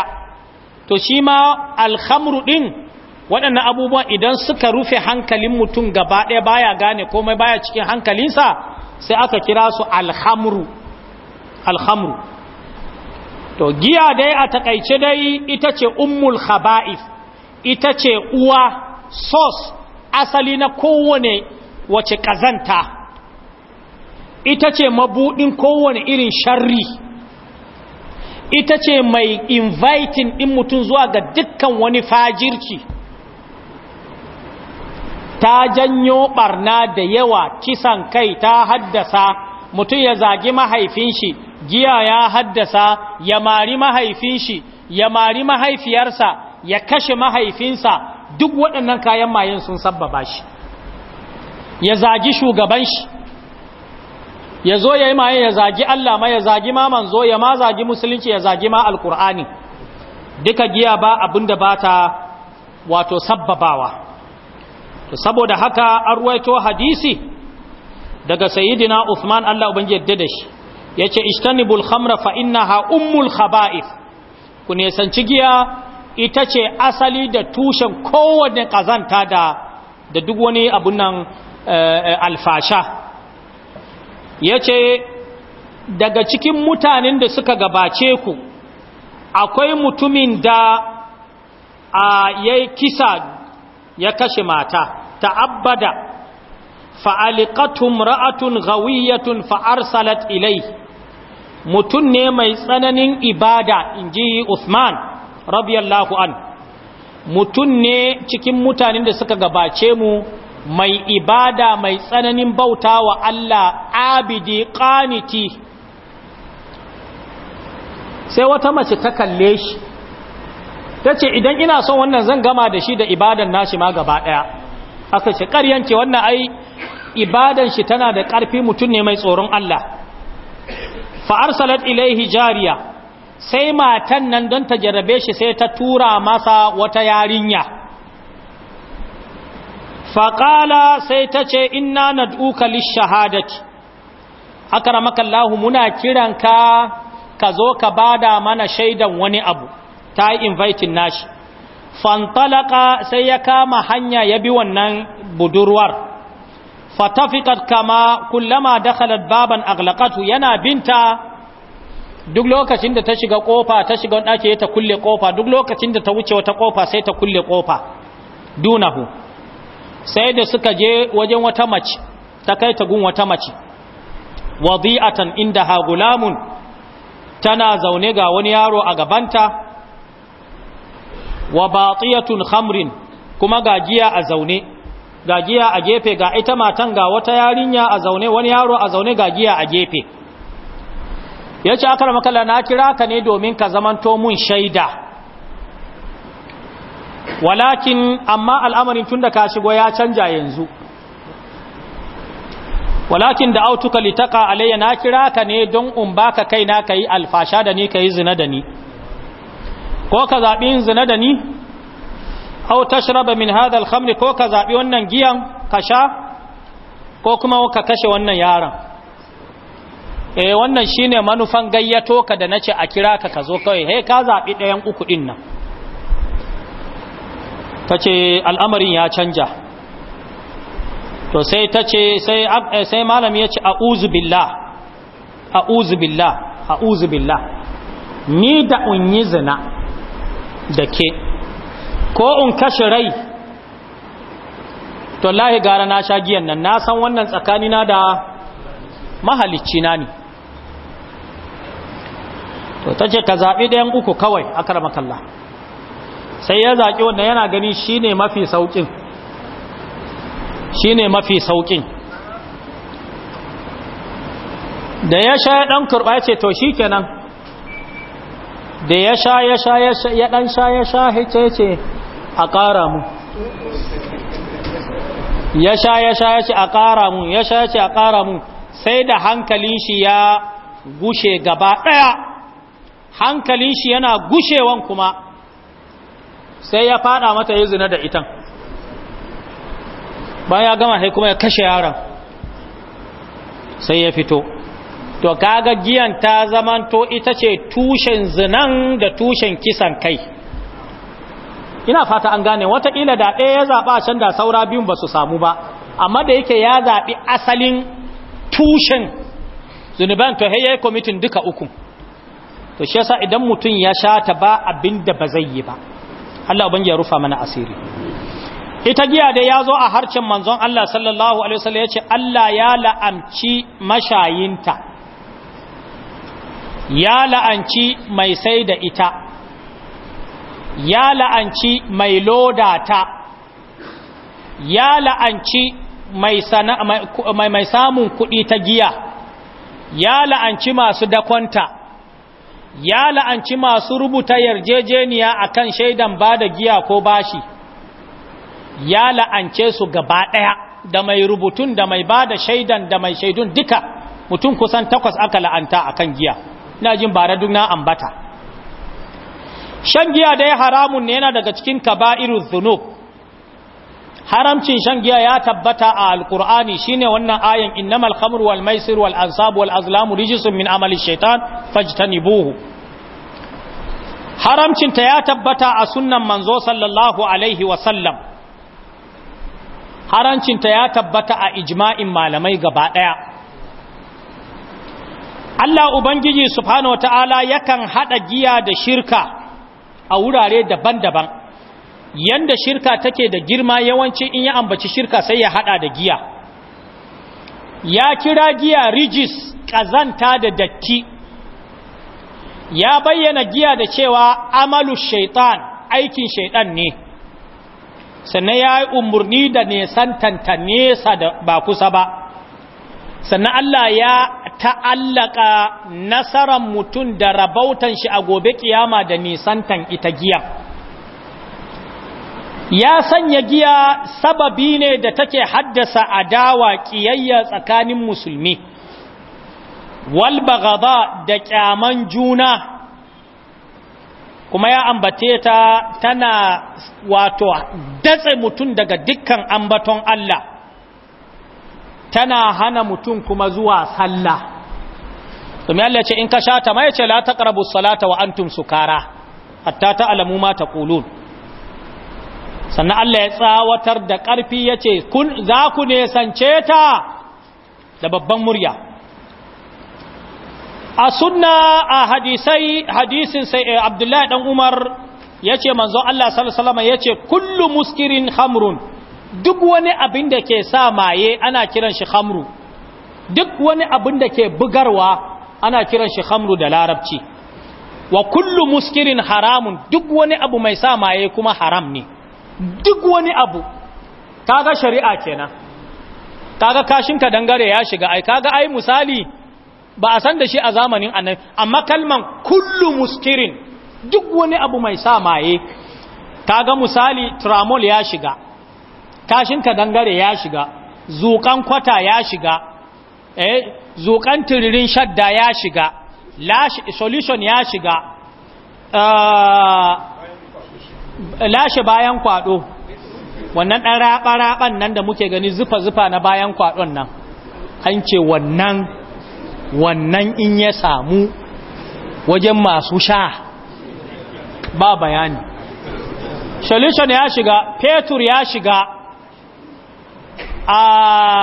to shi ma alhamru ɗin waɗannan abubuwan idan suka rufe hankalin mutum gaba ɗaya baya gane komai baya cikin hankalinsa sai aka kira su alhamru alhamru to giya dai a takaice dai ita ce ummul khaba'is ita ce uwa sos asali na kowane wace ƙazanta ita ce mabuɗin kowane irin sharri ita ce mai inviting ɗin mutum zuwa ga dukkan wani fajirci ta janyo ɓarna da yawa kisan kai ta haddasa mutum ya zagi mahaifin shi giya ya haddasa ya mari mahaifin shi ya mari mahaifiyarsa ya kashe mahaifinsa duk waɗannan kayan mayan sun sabbaba shi ya zagi shugaban shi ya zo ya yi maye ya zagi Allah ma ya zagi ma manzo ya ma zagi musulunci ya zagi ma alkur'ani duka giya ba abinda ba ta wato sabbabawa saboda haka an ruwaito hadisi daga sayidina Usman Allah ubangi yadda da shi yace istanibul khamra fa innaha ummul khaba'ith ku ne giya ita ce asali da tushen kowane ƙazanta da da duk wani abun nan eh, eh, alfasha ya ce daga cikin mutanen da suka gabace ku akwai mutumin da a ya kisa ya kashe mata ta'abbada fa'aliƙatun, ra'atun gawiyatun fa'arsalat ilai mutum ne mai tsananin ibada inji Usman radiyallahu an mutum ne cikin mutanen da suka gabace mu mai ibada mai tsananin bauta wa Allah abidi qaniti sai wata mace ta kalle shi tace idan ina son wannan zan gama da shi da ibadan nashi ma gaba daya aka ce ƙaryance wannan ai ibadan shi tana da ƙarfi mutum ne mai tsoron Allah fa arsalat ilaihi jariya sai matan nan don ta jarabe shi sai ta tura masa wata yarinya faƙala sai ta ce ina na duka lishahadati aka ramakallahu muna kiranka ka zo ka bada mana shaidan wani abu ta yi invitin nashi fantalaka sai ya kama hanya ya bi wannan budurwar fatafikat kama kullama dakhalat baban aglaqatu yana binta duk lokacin da ta shiga kofa ta shiga ɗaki ta kulle kofa duk lokacin da ta wuce wata kofa sai ta kulle kofa dunahu sai da suka je wajen wata mace ta kai ta gun wata mace wadi'atan inda ha gulamun tana zaune ga wani yaro a gabanta wa batiyatun khamrin kuma ga giya a zaune ga a gefe ga ita matan ga wata yarinya a zaune wani yaro a zaune ga giya a gefe ya ce aka ramakala na kira ka ne domin ka zamanto mun shaida walakin amma al'amarin tun da ka shigo ya canja yanzu walakin da autuka litaka alayya na kira ka ne don in baka kaina kayi alfasha da ni kayi zina da ni ko ka zaɓi yin zina da ni aw tashraba min hadha al ko ka zaɓi wannan giyan ka sha ko kuma ka kashe wannan yaron eh wannan shine manufan gayyato ka da nace a kira ka ka zo kawai he ka zabi ɗayan uku din nan tace al'amarin ya canja to sai tace sai eh, sai malami ce a billah a'udhu billah a'udhu billah ni da unyi zina da ke ko in kashe rai to lahi gara na sha giyan nan na san wannan tsakanina da mahalicci na ne to ta ce ka zaɓi ɗayan uku kawai a kalla sai ya zaƙi wanda yana gani shi ne mafi sauƙin shi ne mafi sauƙin da ya sha ya ɗan kurɓa ya ce to shi kenan da ya sha ya sha ya ɗan sha ya sha ya ce a ƙara mu ya sha ya sha ya ce a ƙara mu ya sha ya ce a ƙara mu sai da hankalin shi ya gushe gaba ɗaya hankalin shi yana gushewan kuma sai ya fada mata ya zina da itan Ba ya gama sai kuma ya kashe yaron sai ya fito to kaga giyan ta zamanto ita ce tushen zinan da tushen kisan kai ina fata an gane ila da ɗaya ya zaɓa can da saura biyun ba su samu ba amma da yake ya zaɓi asalin tushen zunuban to ya yi kwamitin duka uku. to shi yasa idan mutum ya sha ta ba abinda ba zai yi ba Allah ubangi ya rufa mana asiri ita giya da yazo a harcin manzon Allah sallallahu alaihi wasallam ya Allah ya la'amci mashayinta ya la'anci mai sai da ita ya la'anci mai loda ta ya la'anci mai, sana mai samun kuɗi ta giya ya la'anci masu dakonta ya la'anci masu rubuta yarjejeniya akan shaidan ba da giya ko bashi ya la'ance su gaba ɗaya da mai rubutun da mai ba da shaidan da mai shaidun duka mutum kusan takwas aka la'anta akan giya ina jin bara duk na ambata shan giya dai haramun ne yana daga cikin kaba'iru zunub haramcin shan giya ya tabbata a alkur'ani shine wannan ayan innamal khamru wal maisir wal ansab wal azlamu rijsun min amali shaitan fajtanibuhu haramcin ta ya tabbata a sunnan manzo sallallahu alaihi wa sallam haramcin ta ya tabbata a ijma'in malamai gaba daya Allah ubangiji subhanahu wataala yakan hada giya da shirka a wurare daban-daban yanda shirka take da girma yawanci in ya ambaci shirka sai ya hada da giya ya kira giya rijis kazanta da datti ya bayyana giya da cewa amalu shaitan aikin shaitan ne sannan ya yi umarni da nesantanta nesa da ba kusa ba sannan Allah ya ta'allaka nasarar mutum da rabautan shi a gobe kiyama da nisantan ita giya ya sanya giya sababi ne da take haddasa adawa kiyayya tsakanin musulmi wal bagada da kyaman juna kuma ya ambace ta tana wato datse mutum daga dukkan ambaton Allah tana hana mutum kuma zuwa sallah domin Allah ce in ka sha ta mai ce la taqrabu salata wa antum sukara hatta alamu ma taqulun sannan Allah ya tsawatar da ƙarfi ya ce za ku nesance ta da babban murya a sunna a hadisai hadisin sai eh, abdullahi dan umar ya ce manzo Allah salama ya ce kullu muskirin hamrun duk wani abin da ke sa maye ana kiran shi hamru duk wani abin da ke bugarwa ana kiran shi hamru da larabci wa kullu muskirin haramun duk wani abu mai sa maye kuma haram ne duk wani abu kaga shari'a kenan kaga kashinka dangare ya shiga ai kaga ai misali ba a san da shi a zamanin annabi amma kalman kullu muskirin duk wani abu mai sa maye kaga misali tramol ya shiga kashinka dangare ya shiga zukan kwata ya shiga eh zukan tiririn shadda ya shiga solution ya shiga uh, lashe bayan kwado wannan ɗan raɓa-raɓan nan da muke gani zufa-zufa na bayan kwadon nan an ce wannan wannan in ya samu wajen masu sha ba bayani solution ya shiga petur ya shiga a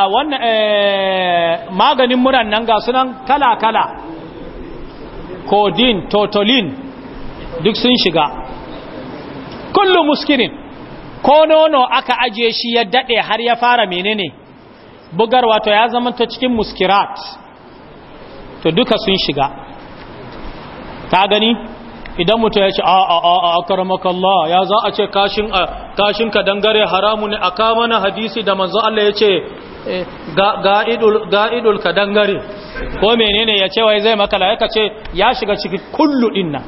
wannan eh, maganin muran nan ga sunan kala-kala codeine totolin duk sun shiga kullu muskirin ko nono aka ajiye shi ya daɗe har ya fara menene bugar wato ya zamanta cikin muskirat to duka sun shiga ta gani idan mutu ya ce a a a Allah ya za a ce kashin ka dangare haramu ne a kama na hadisi da manzo Allah ya ce eh, ga'idul ka dangare ko menene ya ce wai zai makala ya ce ya shiga ciki kullu dinna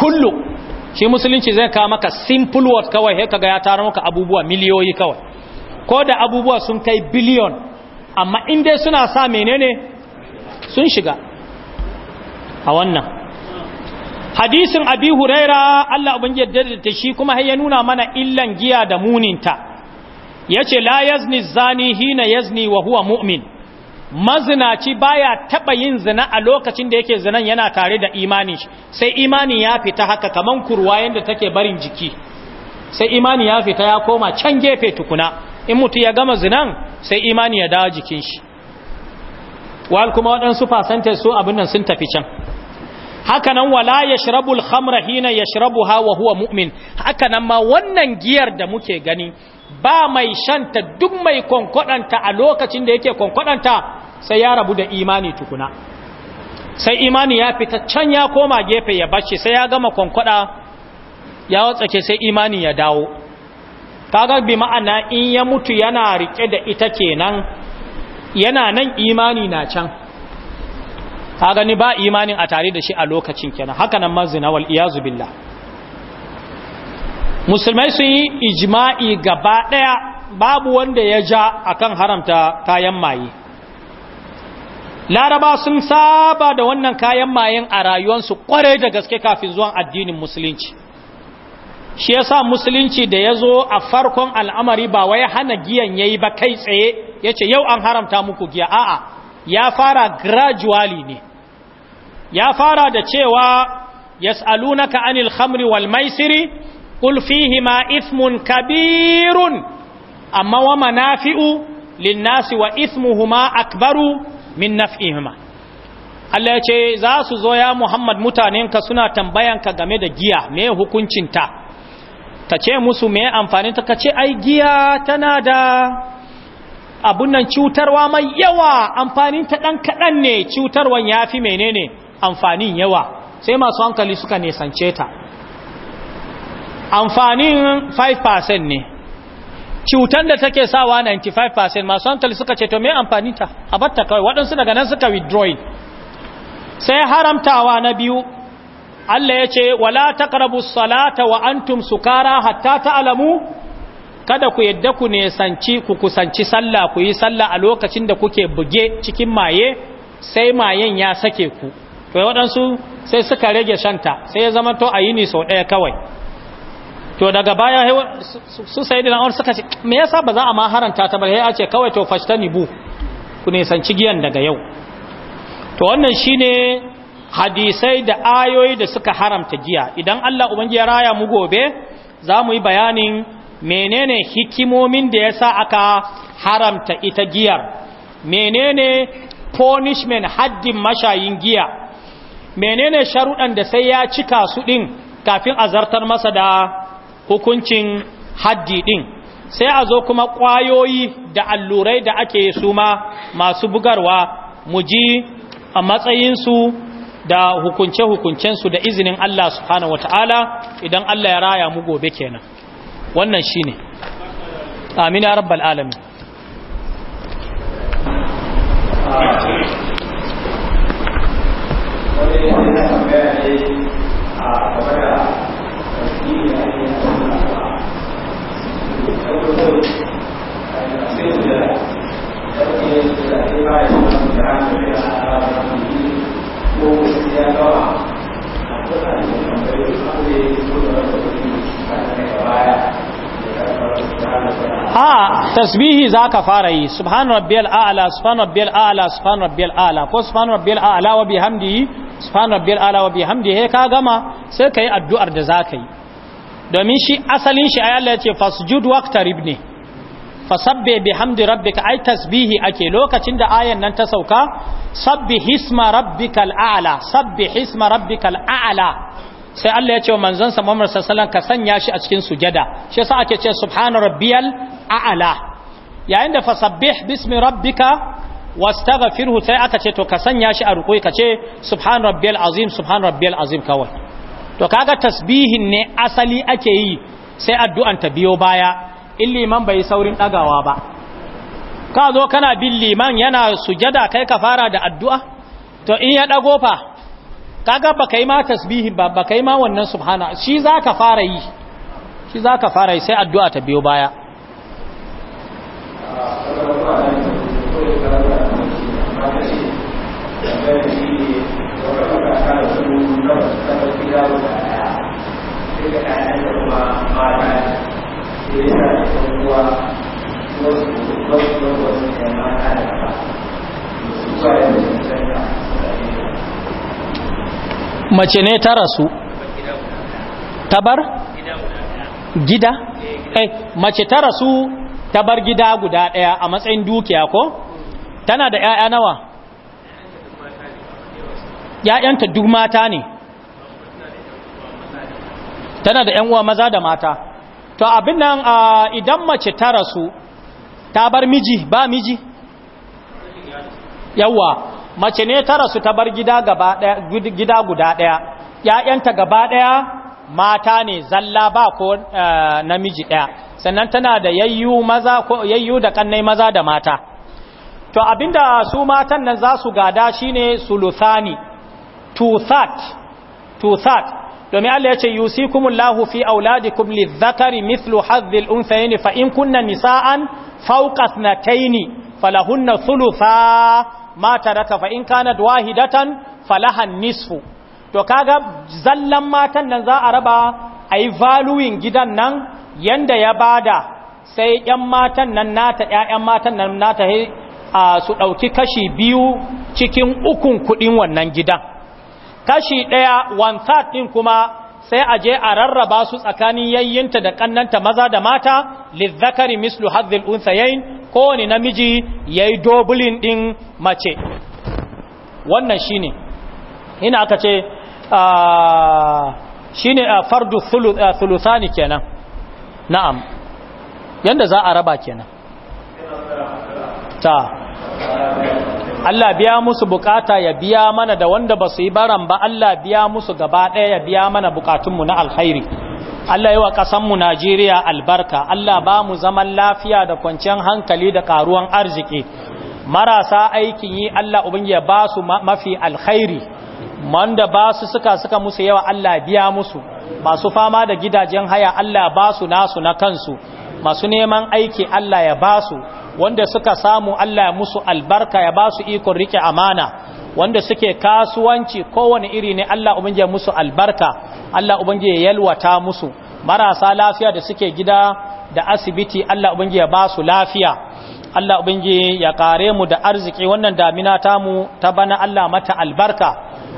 kullu shi musulunci zai kawo maka simple word kawai haka kaga ya tara maka abubuwa miliyoyi kawai ko da abubuwa sun kai biliyon amma inda suna sa menene sun shiga a wannan hadisin abi huraira Allah ubangiji yadda da shi kuma ya nuna mana illan giya da muninta yace la yazni zani hina yazni wa huwa mu'min mazinaci baya taba yin zina a lokacin da yake zinan yana tare da imani sai imani ya fita haka kaman kurwa yanda take barin jiki sai imani ya fita ya koma can gefe tukuna in mutu ya gama zinan sai imani ya dawo jikin shi wal kuma waɗansu fasanta su abin nan sun tafi can haka nan wala yashrabul khamra hina yashrabuha wa huwa mu'min haka nan ma wannan giyar da muke gani ba mai shanta duk mai kwankwadanta a lokacin da yake kwankwadanta sai ya rabu da imani tukuna sai imani ya fita can ya koma gefe ya bashi sai ya gama kwankwada ya watsake sai imani ya dawo kaga bi ma'ana in ya mutu yana rike da ita kenan yana nan imani na can kaga ni ba imanin a tare da shi a lokacin kenan haka nan mazinawal iyazu billah musulmai sun yi ijma'i gaba ɗaya babu wanda ya ja akan haramta kayan maye laraba sun saba da wannan kayan mayen a rayuwarsu kwarai da gaske kafin zuwan addinin musulunci shi yasa musulunci da ya zo a farkon al'amari ba wai hana giyan ya yi ba kai tsaye ya ce yau an haramta muku giya a'a ya fara gradually ne ya fara da cewa yas'alunaka anil khamri wal maisiri قل فيه ما ismun kabirun amma wa manafi'u linnasi wa من akbaru min Allah ya ce za su zo ya Muhammad mutanenka suna tambayanka game da giya me hukuncinta ta ce musu me amfani ta ce ai giya tana da abun nan cutarwa mai yawa amfanin ta ɗan kaɗan ne cutarwan yafi menene amfanin yawa sai masu hankali suka nesance ta amfanin 5% ne cutar da take sawa 95% masu hankali suka ce to me amfani ta a batta kawai waɗansu daga nan suka withdrawing sai haramtawa na biyu Allah ya ce wala taqrabu salata wa antum sukara hatta ta'lamu kada ku yadda ku ne sanci ku kusanci sallah ku yi sallah a lokacin da kuke buge cikin maye sai mayen ya sake ku to waɗansu sai suka rage shanta sai ya zama to ayini sau ɗaya kawai to daga baya su sayyidina Umar suka ce me yasa ba za a ma haranta ta ba sai a ce kawai to fashtani bu ku ne san cigiyan daga yau to wannan shine hadisai da ayoyi da suka haramta giya idan Allah ubangiya raya mu gobe za mu yi bayanin menene hikimomin da yasa aka haramta ita giyar menene punishment haddin mashayin giya menene sharuɗan da sai ya cika su din kafin a zartar masa da hukuncin haddi din sai a zo kuma ƙwayoyi da allurai da ake su ma masu bugarwa mu ji a matsayinsu da hukunce-hukuncensu da izinin Allah subhanahu wata'ala idan Allah ya raya mu gobe kenan wannan shine ne. Amina rabbal a a tasbihi za ka fara yi subhan rabbiyal a'la subhan rabbiyal a'la subhan rabbiyal a'la ko subhan rabbiyal a'la wa bihamdihi subhan rabbiyal a'la wa bihamdihi ka gama sai kai addu'ar da za ka yi domin shi asalin shi ayyalla ya ce fasjud waqtarib ne fasabbe bihamdi rabbika ai tasbihi ake lokacin da ayan nan ta sauka sabbi hisma rabbikal a'la sabbi hisma rabbikal a'la sai Allah ya ce wa manzon sa Muhammad sallallahu ka sanya shi a cikin sujada shi yasa ake ce subhana rabbiyal a'la yayin da fasabbih bismi rabbika wastaghfirhu sai aka ce to ka sanya shi a rukuyi ka ce subhana rabbiyal azim subhana rabbiyal azim kawai to kaga tasbihin ne asali ake yi sai addu'an ta biyo baya in liman bai saurin dagawa ba ka zo kana bin liman yana sujada kai ka fara da addu'a to in ya dago fa kaga baka yi ma tasbihin ba baka yi ma wannan subhana shi zaka fara yi shi zaka fara yi sai addu'a ta biyo baya mace ne ta rasu tabar gida eh mace ta rasu tabar gida guda daya a matsayin dukiya ko tana da 'ya'ya nawa 'ya'yanta duk mata ne tana da ƴan uwa maza da mata to abin nan idan mace ta rasu ta bar miji ba miji yawa mace ne ta rasu ta bar gida gaba daya gida guda daya ƴaƴanta gaba daya mata ne zalla ba ko namiji ɗaya sannan tana da yayyu da ƙannai maza da mata to abinda su matan nan za su gada shine suluthani two third two third domin Allah ya ce yusikumullahu fi auladikum lidhakari mithlu hadhil unthayayn fa in kunna nisaan fawqa thnatayn falahunna thulutha mata taraka fa in kanat wahidatan falaha nisfu to kaga zallan matan nan za a raba ayi valuing gidan nan yanda ya bada sai yan matan nan nata ƴaƴan matan nan nata su ɗauki kashi biyu cikin ukun kuɗin wannan gidan kashi ɗaya one third ɗin kuma sai a je a rarraba su tsakanin yayyinta da ƙannanta maza da mata lizzakari mislu hazzil ko kowane namiji ya yi dobulin ɗin mace wannan shi ne, ina aka ce shi ne a fardu thuluthani kenan na'am yadda za a raba kenan ta Allah biya musu bukata ya biya mana da wanda ba su yi baran ba Allah biya musu gaba ɗaya ya biya mana bukatunmu na alkhairi Allah yi wa ƙasanmu Najeriya albarka Allah ba mu zaman lafiya da kwanciyar hankali da ƙaruwan arziki marasa aikin yi Allah ubangi ya ba su mafi alkhairi wanda ba su suka suka musu yawa Allah biya musu masu fama da gidajen haya Allah ba su nasu na kansu masu neman aiki Allah ya ba su wanda suka samu Allah musu albarka ya ba su ikon rike amana wanda suke kasuwanci kowane iri ne Allah ubangi ya musu albarka Allah ubangi ya yalwata musu marasa lafiya da suke gida da asibiti Allah ubangi ya ba su lafiya Allah ubangi ya kare mu da arziki wannan damina tamu ta bana Allah mata albarka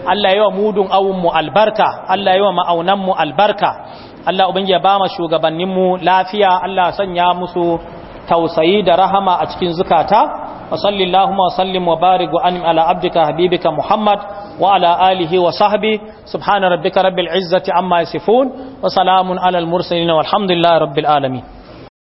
Allah wa mudun awun mu albarka Allah yawa ma'aunan mu albarka Allah ubangi ya ba mu shugabannin mu lafiya Allah sanya musu tausayi da rahama a cikin zukata wa sallallahumma sallim wa anim ala abdika habibika muhammad wa ala alihi wa sahbi subhana rabbika rabbil izzati amma sifun wa salamun ala al mursalin walhamdulillahi rabbil alamin